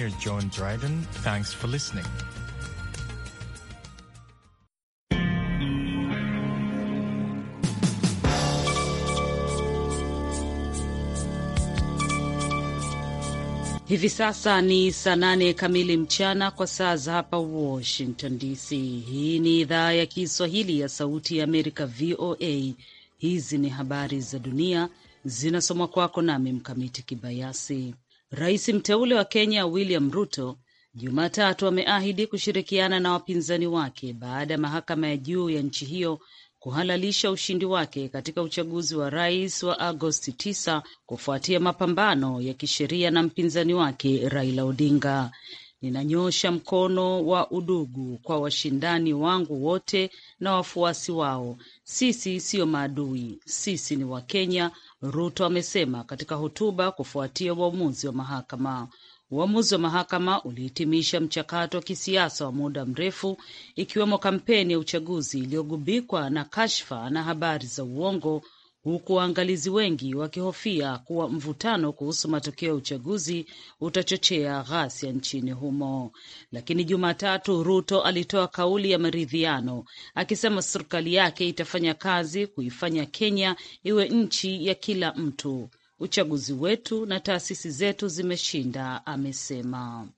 Here's John Dryden. Thanks for listening. Hivi sasa ni saa nane kamili mchana kwa saa za hapa Washington DC. Hii ni idhaa ya Kiswahili ya Sauti ya Amerika, VOA. Hizi ni habari za dunia zinasomwa kwako nami Mkamiti Kibayasi. Rais mteule wa Kenya William Ruto Jumatatu ameahidi kushirikiana na wapinzani wake baada ya mahakama ya juu ya nchi hiyo kuhalalisha ushindi wake katika uchaguzi wa rais wa Agosti 9 kufuatia mapambano ya kisheria na mpinzani wake Raila Odinga. Ninanyosha mkono wa udugu kwa washindani wangu wote na wafuasi wao. Sisi siyo maadui, sisi ni Wakenya Ruto amesema katika hotuba kufuatia uamuzi wa mahakama. Uamuzi wa mahakama ulihitimisha mchakato wa kisiasa wa muda mrefu, ikiwemo kampeni ya uchaguzi iliyogubikwa na kashfa na habari za uongo huku waangalizi wengi wakihofia kuwa mvutano kuhusu matokeo ya uchaguzi utachochea ghasia nchini humo. Lakini Jumatatu, Ruto alitoa kauli ya maridhiano akisema serikali yake itafanya kazi kuifanya Kenya iwe nchi ya kila mtu. Uchaguzi wetu na taasisi zetu zimeshinda, amesema.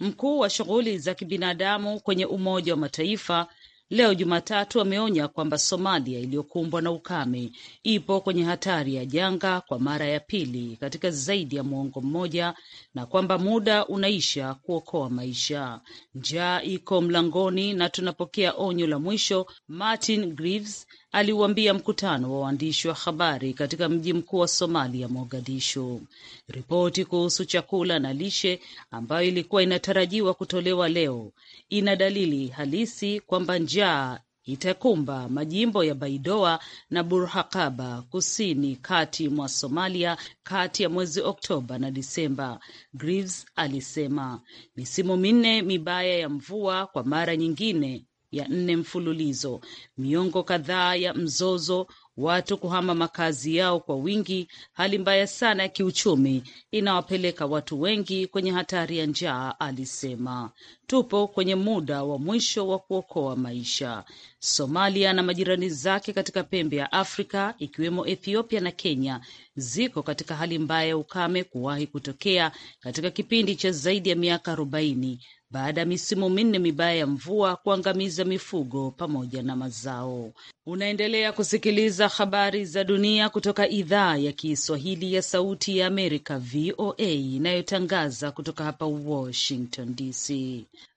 Mkuu wa shughuli za kibinadamu kwenye Umoja wa Mataifa leo Jumatatu ameonya kwamba Somalia iliyokumbwa na ukame ipo kwenye hatari ya janga kwa mara ya pili katika zaidi ya mwongo mmoja na kwamba muda unaisha kuokoa maisha. Njaa iko mlangoni na tunapokea onyo la mwisho, Martin Griffiths aliuambia mkutano wa waandishi wa habari katika mji mkuu wa Somalia, Mogadishu. Ripoti kuhusu chakula na lishe ambayo ilikuwa inatarajiwa kutolewa leo ina dalili halisi kwamba njaa itakumba majimbo ya Baidoa na Burhakaba kusini kati mwa Somalia kati ya mwezi Oktoba na Disemba, Greaves alisema. Misimu minne mibaya ya mvua kwa mara nyingine ya nne mfululizo, miongo kadhaa ya mzozo, watu kuhama makazi yao kwa wingi. Hali mbaya sana ya kiuchumi inawapeleka watu wengi kwenye hatari ya njaa, alisema. Tupo kwenye muda wa mwisho wa kuokoa maisha. Somalia na majirani zake katika pembe ya Afrika ikiwemo Ethiopia na Kenya ziko katika hali mbaya ya ukame kuwahi kutokea katika kipindi cha zaidi ya miaka arobaini baada ya misimu minne mibaya ya mvua kuangamiza mifugo pamoja na mazao. Unaendelea kusikiliza habari za dunia kutoka idhaa ya Kiswahili ya Sauti ya Amerika, VOA, inayotangaza kutoka hapa Washington DC.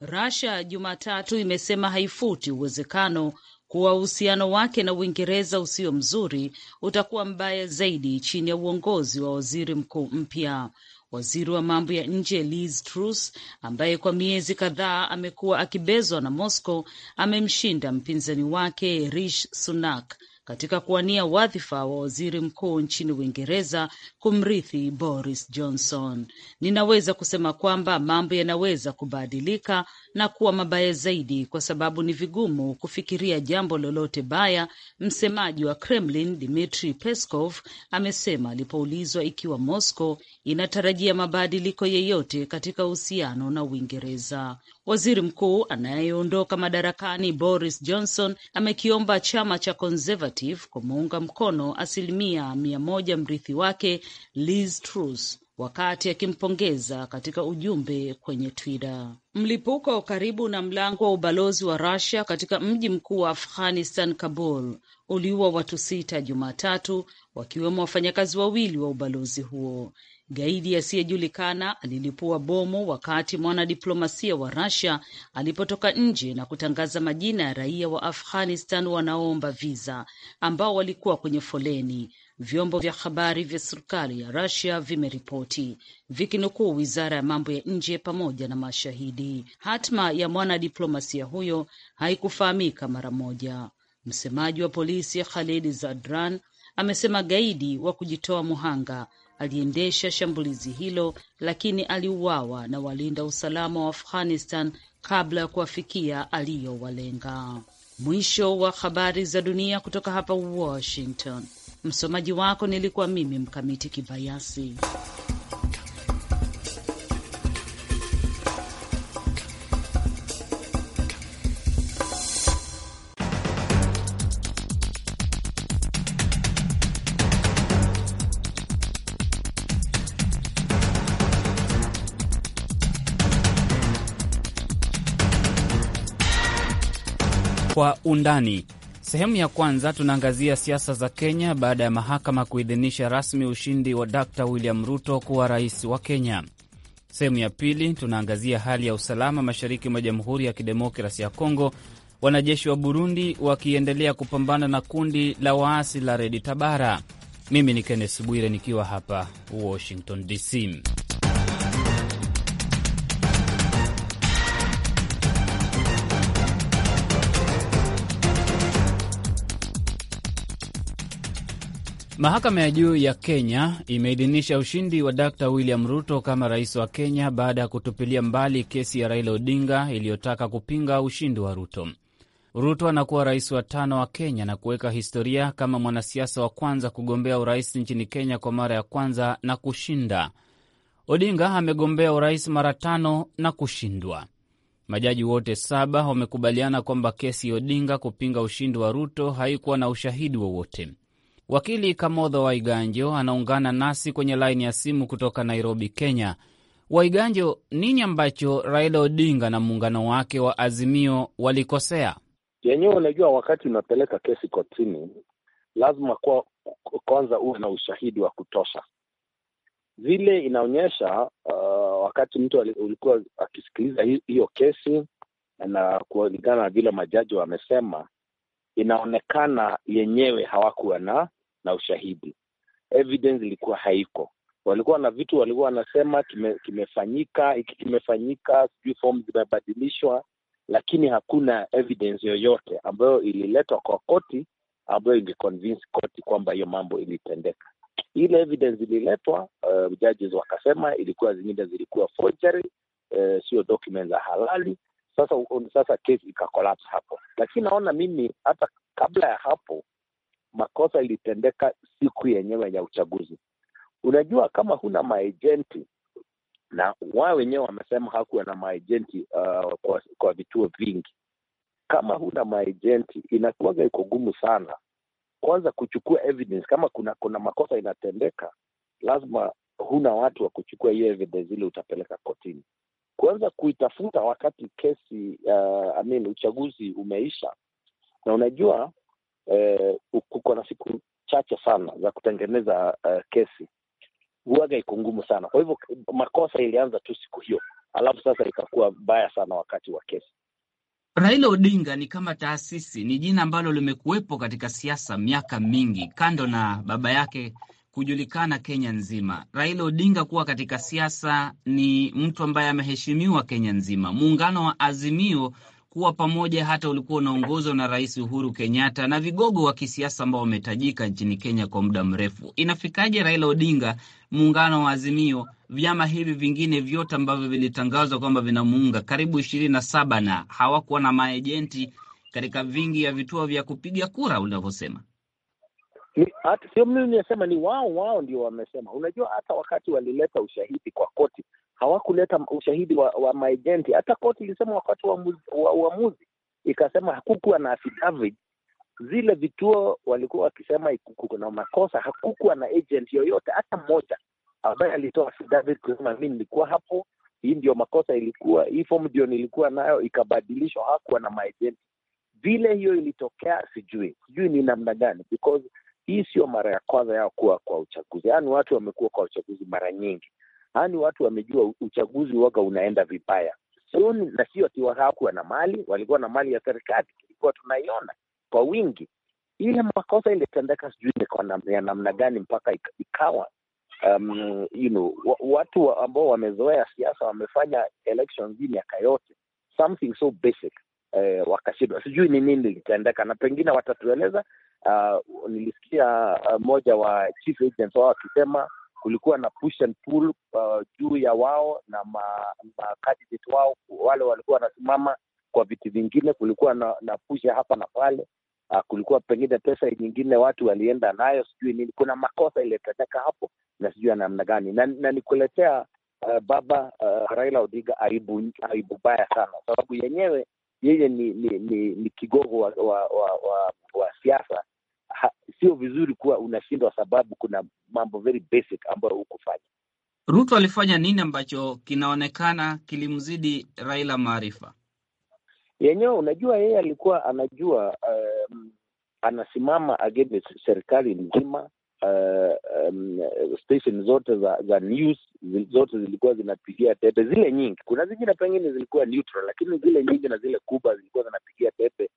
Russia Jumatatu imesema haifuti uwezekano kuwa uhusiano wake na Uingereza usio mzuri utakuwa mbaya zaidi chini ya uongozi wa waziri mkuu mpya. Waziri wa mambo ya nje Liz Truss, ambaye kwa miezi kadhaa amekuwa akibezwa na Moscow, amemshinda mpinzani wake Rishi Sunak katika kuwania wadhifa wa waziri mkuu nchini Uingereza kumrithi Boris Johnson. Ninaweza kusema kwamba mambo yanaweza kubadilika na kuwa mabaya zaidi kwa sababu ni vigumu kufikiria jambo lolote baya, msemaji wa Kremlin dmitri Peskov amesema alipoulizwa ikiwa Moscow inatarajia mabadiliko yeyote katika uhusiano na Uingereza. Waziri mkuu anayeondoka madarakani Boris Johnson amekiomba chama cha Conservative kumuunga mkono asilimia mia moja mrithi wake Liz Truss wakati akimpongeza katika ujumbe kwenye Twitter. Mlipuko karibu na mlango wa ubalozi wa rasia katika mji mkuu wa Afghanistan, Kabul, uliua watu sita Jumatatu, wakiwemo wafanyakazi wawili wa ubalozi huo. Gaidi asiyejulikana alilipua bomu wakati mwanadiplomasia wa Russia alipotoka nje na kutangaza majina ya raia wa Afghanistan wanaoomba viza ambao walikuwa kwenye foleni vyombo vya habari vya serikali ya rasia vimeripoti vikinukuu wizara ya mambo ya nje pamoja na mashahidi. Hatma ya mwanadiplomasia huyo haikufahamika mara moja. Msemaji wa polisi Khalid Zadran amesema gaidi wa kujitoa muhanga aliendesha shambulizi hilo, lakini aliuawa na walinda usalama wa Afghanistan kabla ya kuwafikia aliyowalenga. Mwisho wa habari za dunia kutoka hapa Washington. Msomaji wako nilikuwa mimi Mkamiti Kibayasi. Kwa undani Sehemu ya kwanza tunaangazia siasa za Kenya baada ya mahakama kuidhinisha rasmi ushindi wa dr William Ruto kuwa rais wa Kenya. Sehemu ya pili tunaangazia hali ya usalama mashariki mwa Jamhuri ya Kidemokrasi ya Kongo, wanajeshi wa Burundi wakiendelea kupambana na kundi la waasi la Redi Tabara. Mimi ni Kennes Bwire nikiwa hapa Washington DC. Mahakama ya juu ya Kenya imeidhinisha ushindi wa Dkt William Ruto kama rais wa Kenya baada ya kutupilia mbali kesi ya Raila Odinga iliyotaka kupinga ushindi wa Ruto. Ruto anakuwa rais wa tano wa Kenya na kuweka historia kama mwanasiasa wa kwanza kugombea urais nchini Kenya kwa mara ya kwanza na kushinda. Odinga amegombea urais mara tano na kushindwa. Majaji wote saba wamekubaliana kwamba kesi ya Odinga kupinga ushindi wa Ruto haikuwa na ushahidi wowote. Wakili Kamodho Waiganjo anaungana nasi kwenye laini ya simu kutoka Nairobi, Kenya. Waiganjo, nini ambacho Raila Odinga na muungano wake wa Azimio walikosea? Yenyewe unajua, wakati unapeleka kesi kotini, lazima kwa kwanza uwe na ushahidi wa kutosha. Vile inaonyesha uh, wakati mtu ulikuwa akisikiliza hiyo kesi na kulingana na vile majaji wamesema, inaonekana yenyewe hawakuwa na na ushahidi. Evidence ilikuwa haiko, walikuwa na vitu walikuwa wanasema kime, kimefanyika hiki kimefanyika, sijui fomu zimebadilishwa, lakini hakuna evidence yoyote ambayo ililetwa kwa koti ambayo ingeconvince koti kwamba hiyo mambo ilitendeka. Ile evidence ililetwa, uh, judges wakasema ilikuwa zingine zilikuwa forgery, uh, sio document za halali. Sasa sasa kesi ikakolapse hapo, lakini naona mimi hata kabla ya hapo makosa ilitendeka siku yenyewe ya uchaguzi. Unajua, kama huna maejenti na wao wenyewe wamesema hakuwa na maejenti uh, kwa, kwa vituo vingi. Kama huna maejenti inakuwaga iko gumu sana, kwanza kuchukua evidence. Kama kuna kuna makosa inatendeka, lazima huna watu wa kuchukua hiyo evidence ile utapeleka kotini. Kwanza kuitafuta wakati kesi uh, I mean, uchaguzi umeisha, na unajua eh, kuko na siku chache sana za kutengeneza uh, kesi huaga iko ngumu sana. Kwa hivyo makosa ilianza tu siku hiyo, alafu sasa ikakuwa mbaya sana wakati wa kesi. Raila Odinga ni kama taasisi, ni jina ambalo limekuwepo katika siasa miaka mingi, kando na baba yake kujulikana Kenya nzima. Raila Odinga kuwa katika siasa ni mtu ambaye ameheshimiwa Kenya nzima. Muungano wa Azimio kuwa pamoja hata ulikuwa unaongozwa na Rais Uhuru Kenyatta na vigogo wa kisiasa ambao wametajika nchini Kenya kwa muda mrefu. Inafikaje Raila Odinga, muungano wa Azimio, vyama hivi vingine vyote ambavyo vilitangazwa kwamba vinamuunga karibu ishirini na saba na hawakuwa na maejenti katika vingi ya vituo vya kupiga kura unavyosema? Sio mimi nimesema, ni wao wao ndio wamesema. Unajua, hata wakati walileta ushahidi kwa koti hawakuleta ushahidi wa, wa maejenti. Hata koti ilisema wakati wa uamuzi ikasema hakukuwa na affidavit zile vituo walikuwa wakisema kuna makosa, hakukuwa na agent yoyote hata mmoja ambaye alitoa affidavit kusema mi nilikuwa hapo, hii ndio makosa ilikuwa, hii fomu ndio nilikuwa nayo ikabadilishwa, hakuwa na maejenti. Vile hiyo ilitokea, sijui sijui ni namna gani, because hii sio mara ya kwanza yao kuwa kwa uchaguzi, yaani watu wamekuwa kwa uchaguzi mara nyingi, yaani watu wamejua uchaguzi waka unaenda vibaya, soni na sio ati na mali, walikuwa na mali ya serikali, ilikuwa tunaiona kwa wingi. Ile makosa ilitendeka, sijui ya namna gani mpaka ikawa um, you know, watu ambao wamezoea siasa wamefanya elections hii miaka yote something so basic eh, wakashindwa. Sijui ni nini ilitendeka, na pengine watatueleza. Uh, nilisikia uh, moja wa chief agents wao akisema kulikuwa na push and pull uh, juu ya wao na makandidate ma wao wale walikuwa wanasimama kwa viti vingine, kulikuwa na, na pusha hapa na pale. Uh, kulikuwa pengine pesa nyingine watu walienda nayo sijui nini. Kuna makosa iliyotendeka hapo na sijui ya namna gani, na, na nikuletea uh, baba uh, Raila Odinga aibu aibu baya sana, sababu yenyewe yeye ni, ni, ni, ni kigogo wa, wa, wa, wa, wa siasa sio vizuri kuwa unashindwa sababu kuna mambo very basic ambayo hukufanya. Ruto alifanya nini ambacho kinaonekana kilimzidi Raila maarifa yenyewe? Unajua, yeye alikuwa anajua um, anasimama against serikali nzima. Uh, um, station zote za za news zote zilikuwa zinapigia tepe, zile nyingi. Kuna zingine pengine zilikuwa neutral, lakini zile nyingi na zile kubwa zilikuwa zinapigia tepe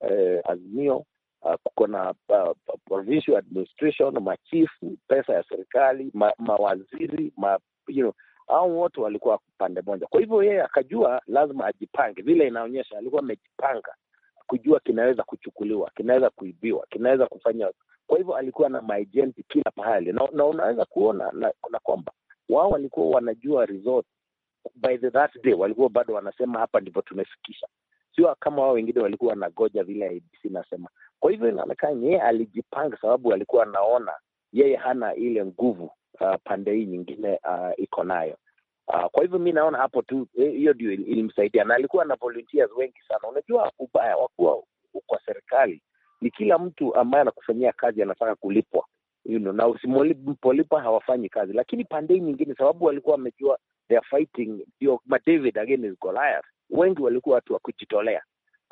uh, Azimio Ah, kuko na ah, provincial administration, machifu, pesa ya serikali, ma, mawaziri ma, you know, au wote walikuwa pande moja. Kwa hivyo yeye akajua lazima ajipange, vile inaonyesha alikuwa amejipanga kujua kinaweza kuchukuliwa, kinaweza kuibiwa, kinaweza kufanya. Kwa hivyo alikuwa na maejenti kila pahali, na, na unaweza kuona na, na kwamba wao walikuwa wanajua resort by the that day, walikuwa bado wanasema hapa ndivyo tumefikisha, sio kama wao wengine walikuwa wanagoja vile ABC nasema kwa hivyo inaonekana yeye alijipanga, sababu alikuwa anaona yeye hana ile nguvu uh, pande hii nyingine uh, iko nayo uh, kwa hivyo mi naona hapo tu eh, hiyo ndio ilimsaidia, na alikuwa na volunteers wengi sana. Unajua ubaya wa kuwa kwa serikali ni kila mtu ambaye anakufanyia kazi anataka kulipwa you know, na usimpolipa hawafanyi kazi. Lakini pande hii nyingine, sababu walikuwa wamejua they are fighting David against Goliath, wengi walikuwa watu wa kujitolea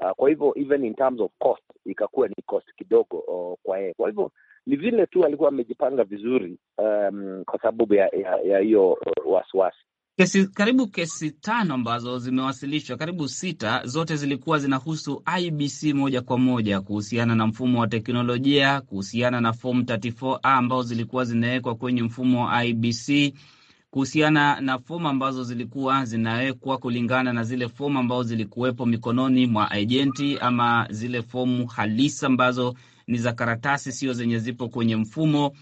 Uh, kwa hivyo even in terms of cost ikakuwa ni cost kidogo uh, kwa yeye. Kwa hivyo ni vile tu alikuwa amejipanga vizuri um, kwa sababu ya hiyo wasiwasi. Kesi karibu kesi tano ambazo zimewasilishwa, karibu sita, zote zilikuwa zinahusu IBC moja kwa moja, kuhusiana na mfumo wa teknolojia, kuhusiana na form 34A ambazo zilikuwa zinawekwa kwenye mfumo wa IBC kuhusiana na fomu ambazo zilikuwa zinawekwa kulingana na zile fomu ambazo zilikuwepo mikononi mwa ajenti ama zile fomu halisi ambazo ni za karatasi, sio zenye zipo kwenye mfumo,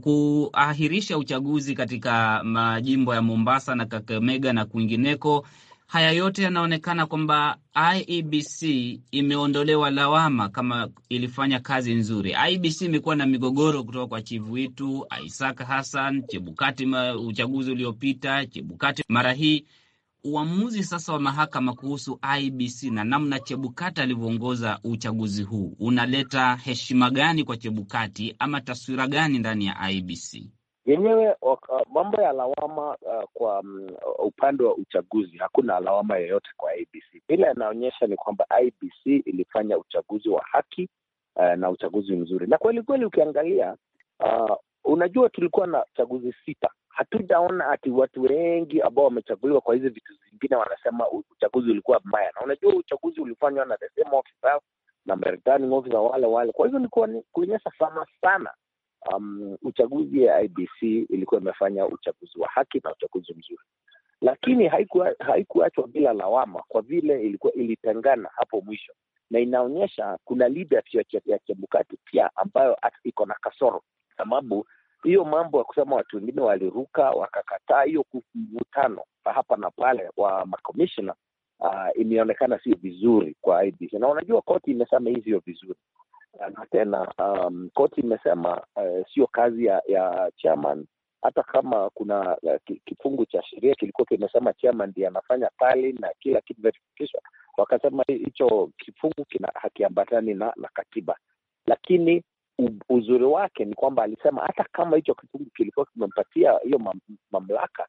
kuahirisha uchaguzi katika majimbo ya Mombasa na Kakamega na kwingineko Haya yote yanaonekana kwamba IEBC imeondolewa lawama kama ilifanya kazi nzuri. IEBC imekuwa na migogoro kutoka kwa Chivuitu, Isaac Hassan, Chebukati uchaguzi uliopita, Chebukati mara hii. Uamuzi sasa wa mahakama kuhusu IEBC na namna Chebukati alivyoongoza uchaguzi huu unaleta heshima gani kwa Chebukati ama taswira gani ndani ya IEBC? yenyewe waka, mambo ya lawama uh, kwa um, upande wa uchaguzi hakuna lawama yoyote kwa IBC. Bila yanaonyesha ni kwamba IBC ilifanya uchaguzi wa haki uh, na uchaguzi mzuri, na kweli kweli ukiangalia uh, unajua tulikuwa na chaguzi sita, hatujaona ati watu wengi ambao wamechaguliwa kwa hizi vitu zingine wanasema uchaguzi ulikuwa mbaya, na unajua uchaguzi ulifanywa na the same officer na returning wale wale, kwa hivyo ni kuonyesha sana sana um, uchaguzi ya IBC ilikuwa imefanya uchaguzi wa haki na uchaguzi mzuri, lakini haikuachwa haiku bila lawama, kwa vile ilikuwa ilitengana hapo mwisho, na inaonyesha kuna leadership ya Chebukati pia ambayo iko na kasoro, sababu hiyo mambo ya kusema watu wengine waliruka wakakataa hiyo mvutano hapa na pale wa makomishona uh, imeonekana sio vizuri kwa IBC, na unajua koti imesema hivyo vizuri Eh, na tena um, koti imesema uh, sio kazi ya, ya chairman hata kama kuna uh, kifungu cha sheria kilikuwa kimesema chairman ndiye anafanya pale na kila kitu verifikishwa wakasema hicho kifungu kina hakiambatani na, na katiba, lakini uzuri wake ni kwamba alisema hata kama hicho kifungu kilikuwa kimempatia hiyo mam, mamlaka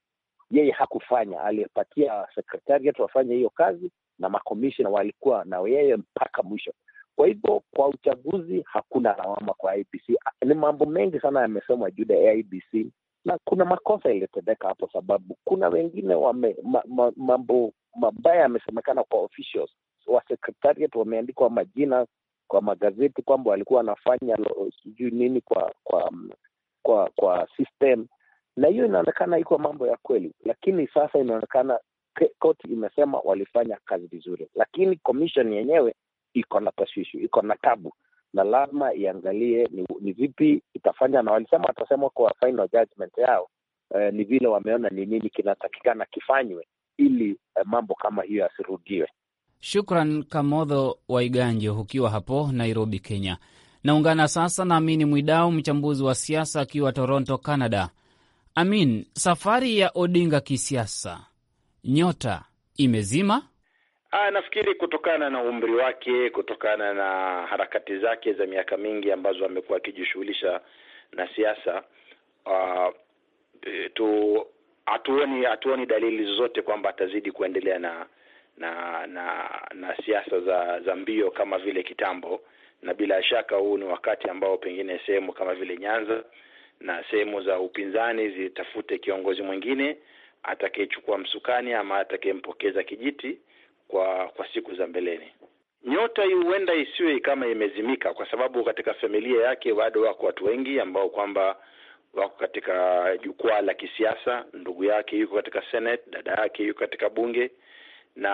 yeye hakufanya, alipatia sekretariat wafanye hiyo kazi na makomishina walikuwa na yeye mpaka mwisho. Kwa hivyo kwa uchaguzi hakuna lawama kwa IBC. Ni mambo mengi sana yamesemwa juu ya IBC na kuna makosa yaliyotendeka hapo, sababu kuna wengine wame, ma, ma, mambo mabaya yamesemekana kwa officials wa secretariat, wameandikwa majina kwa magazeti kwamba walikuwa wanafanya sijui nini kwa kwa kwa kwa system, na hiyo inaonekana iko mambo ya kweli, lakini sasa inaonekana koti imesema walifanya kazi vizuri, lakini commission yenyewe iko na tashwishi, iko na tabu, na lazima iangalie ni, ni vipi itafanya, na walisema watasema kwa final judgment yao eh, ni vile wameona ni nini kinatakikana kifanywe ili eh, mambo kama hiyo yasirudiwe. Shukran Kamodho Waiganjo, ukiwa hapo Nairobi, Kenya. Naungana sasa na Amini Mwidau, mchambuzi wa siasa akiwa Toronto, Canada. Amin, safari ya Odinga kisiasa nyota imezima Aa, ah, nafikiri kutokana na umri wake, kutokana na harakati zake za miaka mingi ambazo amekuwa akijishughulisha na siasa uh, tu hatuoni hatuoni dalili zozote kwamba atazidi kuendelea na na na na siasa za za mbio kama vile kitambo, na bila shaka huu ni wakati ambao pengine sehemu kama vile Nyanza na sehemu za upinzani zitafute kiongozi mwingine atakayechukua msukani ama atakayempokeza kijiti kwa kwa siku za mbeleni. Nyota hii huenda isiwe kama imezimika, kwa sababu katika familia yake bado wako watu wengi ambao kwamba wako katika jukwaa la kisiasa. Ndugu yake yuko katika Senate, dada yake yuko katika bunge na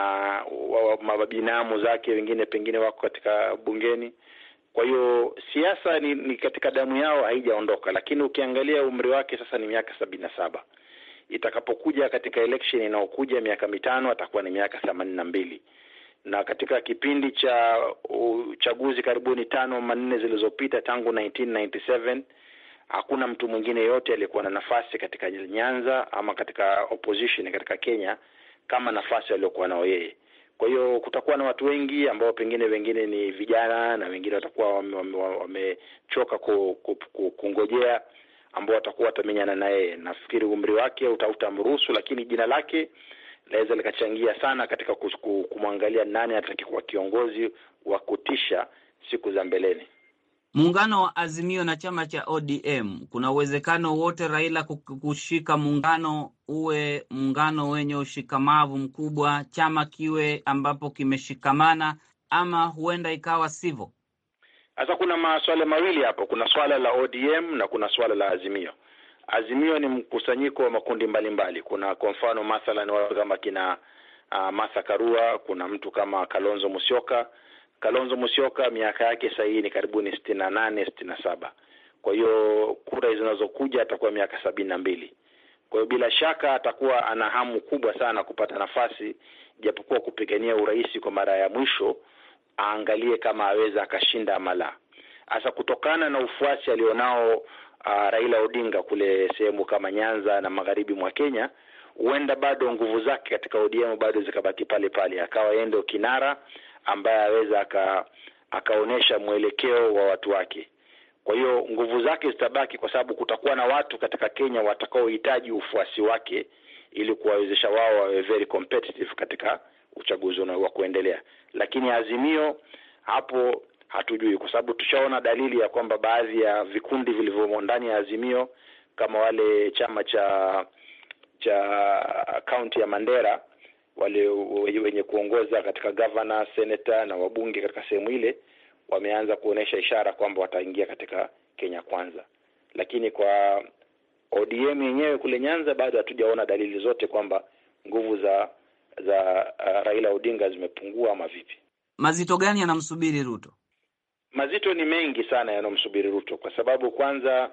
mabinamu zake wengine pengine wako katika bungeni. Kwa hiyo siasa ni, ni katika damu yao haijaondoka, lakini ukiangalia umri wake sasa ni miaka sabini na saba itakapokuja katika election inayokuja miaka mitano atakuwa ni miaka themanini na mbili na katika kipindi cha uchaguzi karibuni tano manne zilizopita tangu 1997 hakuna mtu mwingine yote aliyekuwa na nafasi katika Nyanza ama katika opposition katika Kenya kama nafasi aliyokuwa nao yeye. Kwa hiyo kutakuwa na watu wengi ambao pengine wengine ni vijana na wengine watakuwa wamechoka wame, wame kungojea ambao watakuwa watamenyana na yeye. Nafikiri umri wake mruhusu, lakini jina lake laweza likachangia sana katika kumwangalia nani atakayekuwa kiongozi wa kutisha siku za mbeleni. Muungano wa Azimio na chama cha ODM, kuna uwezekano wote Raila kushika muungano uwe muungano wenye ushikamavu mkubwa, chama kiwe ambapo kimeshikamana, ama huenda ikawa sivyo. Sasa kuna maswala mawili hapo, kuna swala la ODM na kuna swala la Azimio. Azimio ni mkusanyiko wa makundi mbalimbali mbali. Kuna kwa mfano mathalan watu kama kina uh, Martha Karua, kuna mtu kama Kalonzo Musyoka. Kalonzo Musyoka miaka yake sasa hii ni karibuni sitini na nane sitini na saba kwa hiyo kura zinazokuja atakuwa miaka sabini na mbili kwa hiyo bila shaka atakuwa ana hamu kubwa sana kupata nafasi, japokuwa kupigania urais kwa mara ya mwisho aangalie kama aweza akashinda ama la. Hasa kutokana na ufuasi alionao uh, Raila Odinga kule sehemu kama Nyanza na magharibi mwa Kenya, huenda bado nguvu zake katika ODM bado zikabaki pale pale, akawa yeye ndio kinara ambaye aweza aka akaonyesha mwelekeo wa watu wake. Kwa hiyo nguvu zake zitabaki, kwa sababu kutakuwa na watu katika Kenya watakaohitaji ufuasi wake ili kuwawezesha wao wawe very competitive katika uchaguzi wa kuendelea. Lakini Azimio hapo hatujui, kwa sababu tushaona dalili ya kwamba baadhi ya vikundi vilivyomo ndani ya Azimio kama wale chama cha cha kaunti ya Mandera wale wenye kuongoza katika gavana, seneta na wabunge katika sehemu ile wameanza kuonesha ishara kwamba wataingia katika Kenya Kwanza, lakini kwa ODM yenyewe kule Nyanza bado hatujaona dalili zote kwamba nguvu za za uh, Raila Odinga zimepungua ama vipi? Mazito gani yanamsubiri Ruto? Mazito ni mengi sana yanayomsubiri Ruto, kwa sababu kwanza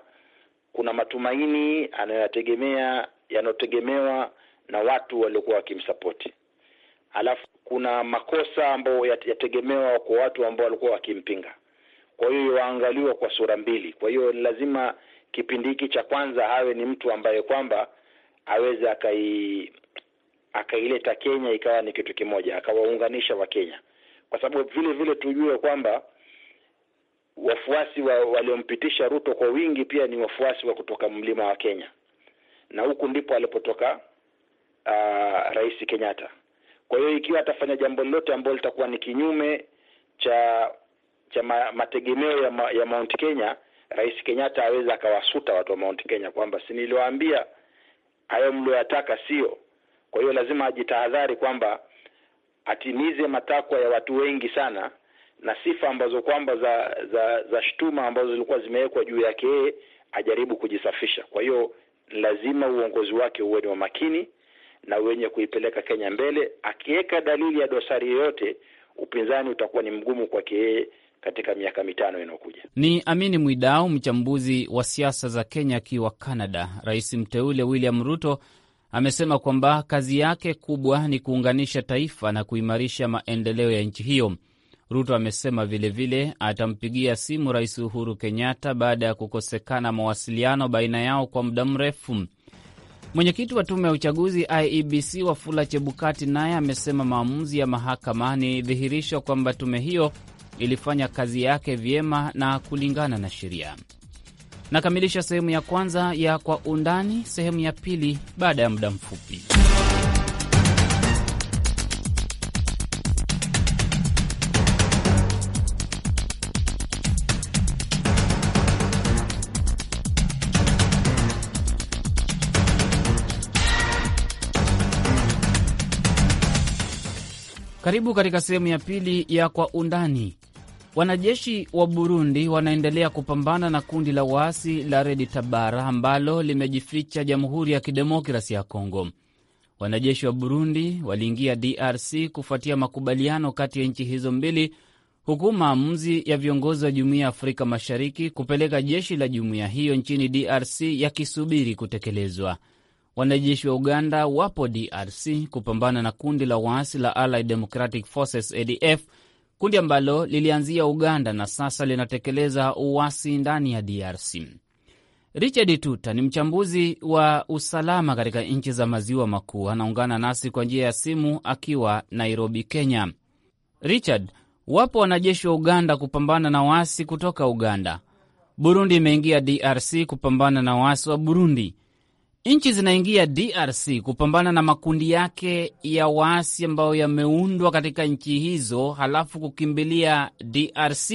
kuna matumaini anayoyategemea yanayotegemewa na watu waliokuwa wakimsapoti, alafu kuna makosa ambayo yategemewa kwa watu ambao walikuwa wakimpinga. Kwa hiyo waangaliwa kwa sura mbili. Kwa hiyo ni lazima kipindi hiki cha kwanza awe ni mtu ambaye kwamba aweze akai akaileta Kenya ikawa ni kitu kimoja, akawaunganisha Wakenya, kwa sababu vile vile tujue kwamba wafuasi wa waliompitisha Ruto kwa wingi pia ni wafuasi wa kutoka mlima wa Kenya, na huku ndipo alipotoka uh, Rais Kenyatta. Kwa hiyo ikiwa atafanya jambo lolote ambalo litakuwa ni kinyume cha cha ma, mategemeo ya, ma, ya Mount Kenya, Rais Kenyatta aweza akawasuta watu wa Mount Kenya kwamba si niliwaambia hayo mlioyataka sio kwa hiyo lazima ajitahadhari kwamba atimize matakwa ya watu wengi sana na sifa ambazo kwamba za za za shtuma ambazo zilikuwa zimewekwa juu yake yeye ajaribu kujisafisha. Kwa hiyo lazima uongozi wake uwe ni wa makini na wenye kuipeleka Kenya mbele. Akiweka dalili ya dosari yoyote, upinzani utakuwa ni mgumu kwake yeye katika miaka mitano inayokuja. Ni Amini Mwidau, mchambuzi wa siasa za Kenya akiwa Canada. Rais mteule William Ruto amesema kwamba kazi yake kubwa ni kuunganisha taifa na kuimarisha maendeleo ya nchi hiyo. Ruto amesema vilevile atampigia simu Rais Uhuru Kenyatta baada ya kukosekana mawasiliano baina yao kwa muda mrefu. Mwenyekiti wa tume ya uchaguzi IEBC Wafula Chebukati naye amesema maamuzi ya mahakama ni dhihirisho kwamba tume hiyo ilifanya kazi yake vyema na kulingana na sheria. Nakamilisha sehemu ya kwanza ya Kwa Undani, sehemu ya pili baada ya muda mfupi. Karibu katika sehemu ya pili ya Kwa Undani. Wanajeshi wa Burundi wanaendelea kupambana na kundi la waasi la Redi Tabara ambalo limejificha Jamhuri ya Kidemokrasi ya Kongo. Wanajeshi wa Burundi waliingia DRC kufuatia makubaliano kati ya nchi hizo mbili, huku maamuzi ya viongozi wa Jumuiya ya Afrika Mashariki kupeleka jeshi la jumuiya hiyo nchini DRC yakisubiri kutekelezwa. Wanajeshi wa Uganda wapo DRC kupambana na kundi la waasi la Allied Democratic Forces ADF kundi ambalo lilianzia Uganda na sasa linatekeleza uasi ndani ya DRC. Richard Tuta ni mchambuzi wa usalama katika nchi za maziwa makuu, anaungana nasi kwa njia ya simu akiwa Nairobi, Kenya. Richard, wapo wanajeshi wa Uganda kupambana na waasi kutoka Uganda. Burundi imeingia DRC kupambana na waasi wa Burundi nchi zinaingia DRC kupambana na makundi yake ya waasi ambayo yameundwa katika nchi hizo, halafu kukimbilia DRC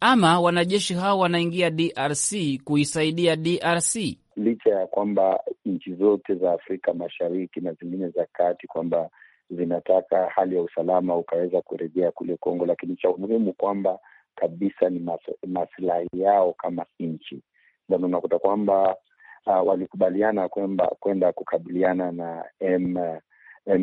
ama wanajeshi hao wanaingia DRC kuisaidia DRC licha ya kwamba nchi zote za Afrika Mashariki na zingine za kati kwamba zinataka hali ya usalama ukaweza kurejea kule Kongo, lakini cha umuhimu kwamba kabisa ni maslahi yao kama nchi. Ndio unakuta kwamba uh, walikubaliana kwenda kukabiliana na M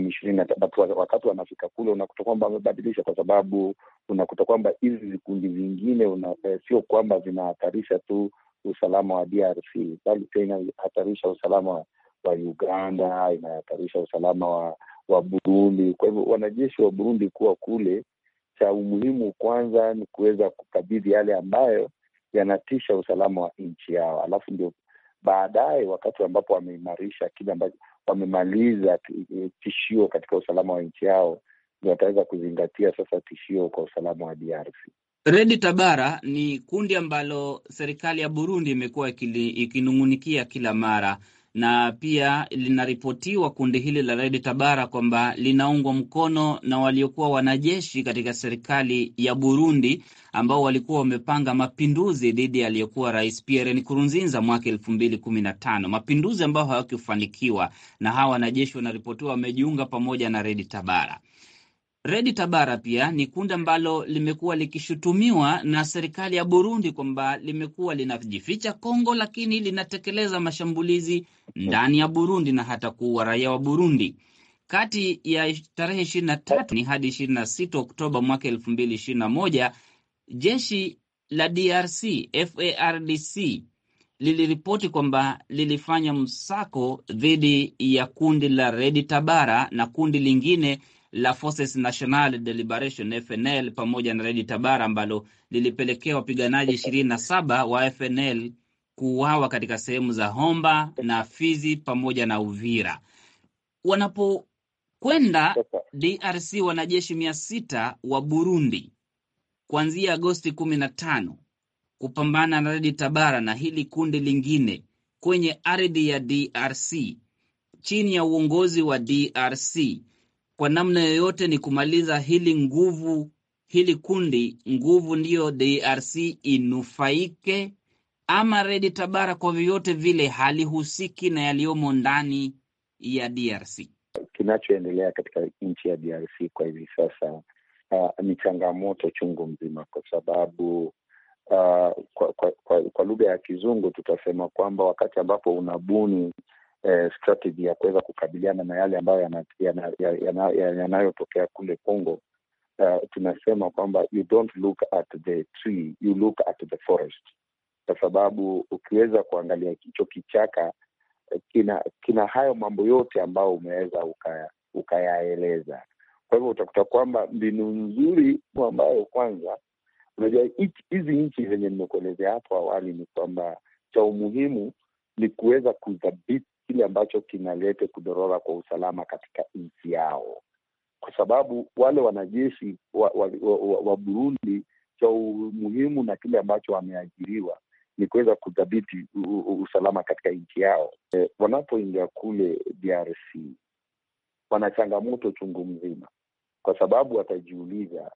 ishirini na tatu. Wakati wanafika kule, unakuta kwamba wamebadilisha, kwa sababu unakuta kwamba hizi vikundi vingine eh, sio kwamba vinahatarisha tu usalama wa DRC bali pia inahatarisha usalama wa Uganda, inahatarisha usalama wa, wa Burundi. Kwa hivyo wanajeshi wa Burundi kuwa kule, cha umuhimu kwanza ni kuweza kukabidhi yale ambayo yanatisha usalama wa nchi yao, alafu ndio baadaye, wakati ambapo wameimarisha kile ambacho wamemaliza tishio katika usalama wa nchi yao, ndio wataweza kuzingatia sasa tishio kwa usalama wa DRC. Redi Tabara ni kundi ambalo serikali ya Burundi imekuwa ikinung'unikia kila mara na pia linaripotiwa kundi hili la Red Tabara kwamba linaungwa mkono na waliokuwa wanajeshi katika serikali ya Burundi ambao walikuwa wamepanga mapinduzi dhidi ya aliyekuwa Rais Pierre Nkurunziza mwaka elfu mbili kumi na tano, mapinduzi ambayo hawakufanikiwa, na hawa wanajeshi wanaripotiwa wamejiunga pamoja na Red Tabara. Redi Tabara pia ni kundi ambalo limekuwa likishutumiwa na serikali ya Burundi kwamba limekuwa linajificha Kongo, lakini linatekeleza mashambulizi ndani ya Burundi na hata kuua raia wa Burundi. Kati ya tarehe ishirini na tatu ni hadi ishirini na sita Oktoba mwaka elfu mbili ishirini na moja jeshi la DRC FARDC liliripoti kwamba lilifanya msako dhidi ya kundi la Redi Tabara na kundi lingine la Forces Nationale de Liberation FNL pamoja na Redi Tabara ambalo lilipelekea wapiganaji ishirini na saba wa FNL kuuawa katika sehemu za Homba na Fizi pamoja na Uvira. Wanapokwenda DRC, wanajeshi mia sita wa Burundi kuanzia Agosti kumi na tano kupambana na Redi Tabara na hili kundi lingine kwenye ardhi ya DRC chini ya uongozi wa DRC kwa namna yoyote ni kumaliza hili nguvu, hili kundi nguvu, ndiyo DRC inufaike, ama Redi Tabara kwa vyovyote vile halihusiki na yaliyomo ndani ya DRC. Kinachoendelea katika nchi ya DRC kwa hivi sasa uh, ni changamoto chungu mzima, kwa sababu uh, kwa, kwa, kwa, kwa lugha ya kizungu tutasema kwamba wakati ambapo unabuni eh, strategy ya kuweza kukabiliana na yale ambayo yanayotokea kule Congo. Uh, eh, tunasema kwamba you don't look at the tree, you look at the forest, kwa sababu ukiweza kuangalia hicho kichaka eh, kina kina hayo mambo yote ambayo umeweza ukayaeleza ukaya. Kwa hivyo utakuta kwamba mbinu nzuri ambayo kwanza, unajua hizi nchi zenye nimekuelezea hapo awali ni kwamba cha umuhimu ni kuweza kudhabiti kile ambacho kinalete kudorora kwa usalama katika nchi yao, kwa sababu wale wanajeshi wa, wa, wa, wa, wa Burundi cha umuhimu na kile ambacho wameajiriwa ni kuweza kudhibiti usalama katika nchi yao. E, wanapoingia kule DRC wana changamoto chungu mzima, kwa sababu watajiuliza,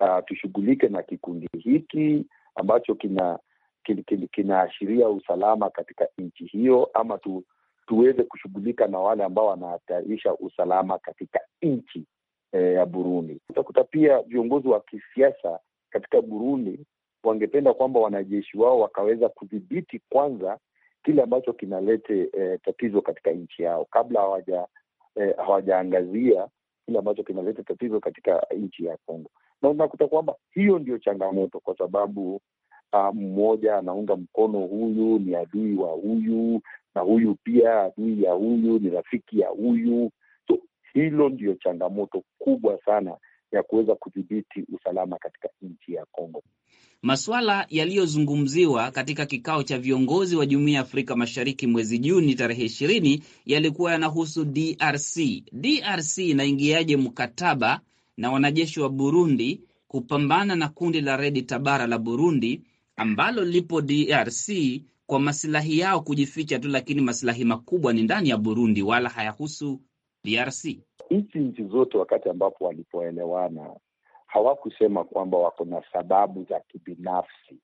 uh, tushughulike na kikundi hiki ambacho kina kinaashiria kina usalama katika nchi hiyo ama tu, tuweze kushughulika na wale ambao wanahatarisha usalama katika nchi eh, ya Burundi. Utakuta pia viongozi wa kisiasa katika Burundi wangependa kwamba wanajeshi wao wakaweza kudhibiti kwanza kile ambacho kinalete eh, tatizo katika nchi yao kabla hawaja eh, hawajaangazia kile ambacho kinaleta tatizo katika nchi ya Kongo, na unakuta kwamba hiyo ndio changamoto, kwa sababu ah, mmoja um, anaunga mkono huyu, ni adui wa huyu, na huyu pia adui ya huyu ni rafiki ya huyu. So hilo ndio changamoto kubwa sana ya kuweza kudhibiti usalama katika nchi ya Kongo. Masuala yaliyozungumziwa katika kikao cha viongozi wa Jumuiya ya Afrika Mashariki mwezi Juni tarehe ishirini yalikuwa yanahusu DRC. DRC inaingiaje mkataba na wanajeshi wa Burundi kupambana na kundi la Redi Tabara la Burundi ambalo lipo DRC kwa masilahi yao kujificha tu, lakini masilahi makubwa ni ndani ya Burundi, wala hayahusu DRC. Hizi nchi zote wakati ambapo walipoelewana hawakusema kwamba wako na sababu za kibinafsi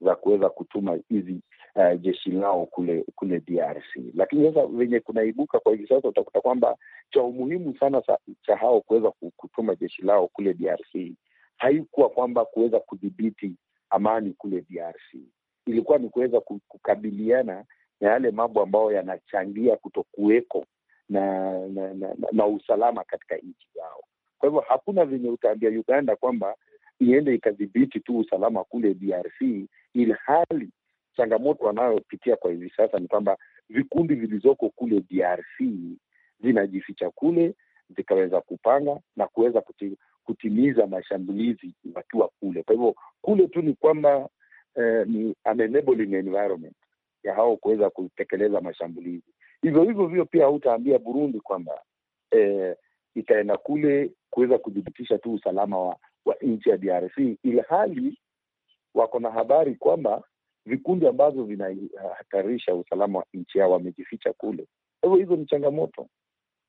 za kuweza kutuma hizi uh, jeshi lao kule kule DRC. Lakini sasa venye kunaibuka kwa hivi sasa, utakuta kwamba cha umuhimu sana cha hao kuweza kutuma jeshi lao kule DRC haikuwa kwamba kuweza kudhibiti amani kule DRC, ilikuwa ni kuweza kukabiliana na yale mambo ambayo yanachangia kutokuweko na na, na na usalama katika nchi yao. Kwa hivyo hakuna vyenye utaambia Uganda kwamba iende ikadhibiti tu usalama kule DRC, ili hali changamoto wanayopitia kwa hivi sasa ni kwamba vikundi vilizoko kule DRC zinajificha kule zikaweza kupanga na kuweza kutimiza mashambulizi wakiwa kule. Kwa hivyo kule tu ni kwamba eh, ni an enabling environment ya hao kuweza kutekeleza mashambulizi. Hivyo hivyo hivyo pia hautaambia Burundi kwamba eh, itaenda kule kuweza kudhibitisha tu usalama wa, wa nchi ya DRC hali wako na habari kwamba vikundi ambavyo vinahatarisha usalama wa nchi yao wamejificha kule. Kwa hivyo hizo ni changamoto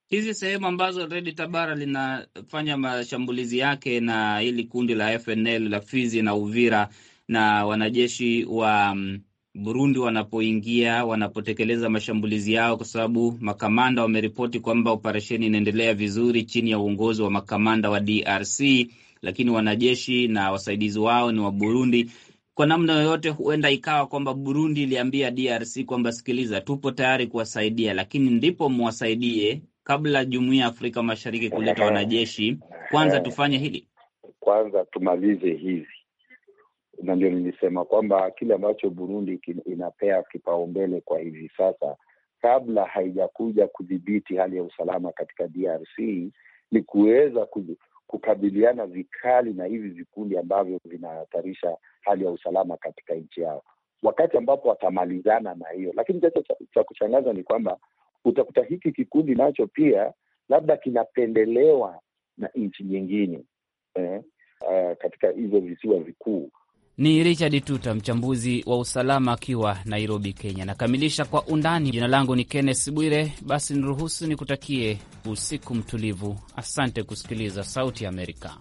hizi sehemu ambazo Redi Tabara linafanya mashambulizi yake na hili kundi la FNL la Fizi na Uvira na wanajeshi wa mm, Burundi wanapoingia wanapotekeleza mashambulizi yao, kwa sababu makamanda wameripoti kwamba operesheni inaendelea vizuri chini ya uongozi wa makamanda wa DRC, lakini wanajeshi na wasaidizi wao ni wa Burundi. Kwa namna yoyote, huenda ikawa kwamba Burundi iliambia DRC kwamba sikiliza, tupo tayari kuwasaidia, lakini ndipo mwasaidie kabla jumuiya ya Afrika Mashariki kuleta wanajeshi. Kwanza tufanye hili, kwanza tumalize hizi na ndio nilisema kwamba kile ambacho Burundi inapea kipaumbele kwa hivi sasa, kabla haijakuja kudhibiti hali ya usalama katika DRC, ni kuweza kukabiliana vikali na hivi vikundi ambavyo vinahatarisha hali ya usalama katika nchi yao, wakati ambapo watamalizana na hiyo. Lakini chacho cha kushangaza ni kwamba utakuta hiki kikundi nacho pia labda kinapendelewa na nchi nyingine eh, uh, katika hizo visiwa vikuu ni Richard Tuta, mchambuzi wa usalama akiwa Nairobi, Kenya. Nakamilisha kwa undani. Jina langu ni Kenneth Bwire. Basi niruhusu nikutakie usiku mtulivu. Asante kusikiliza Sauti ya Amerika.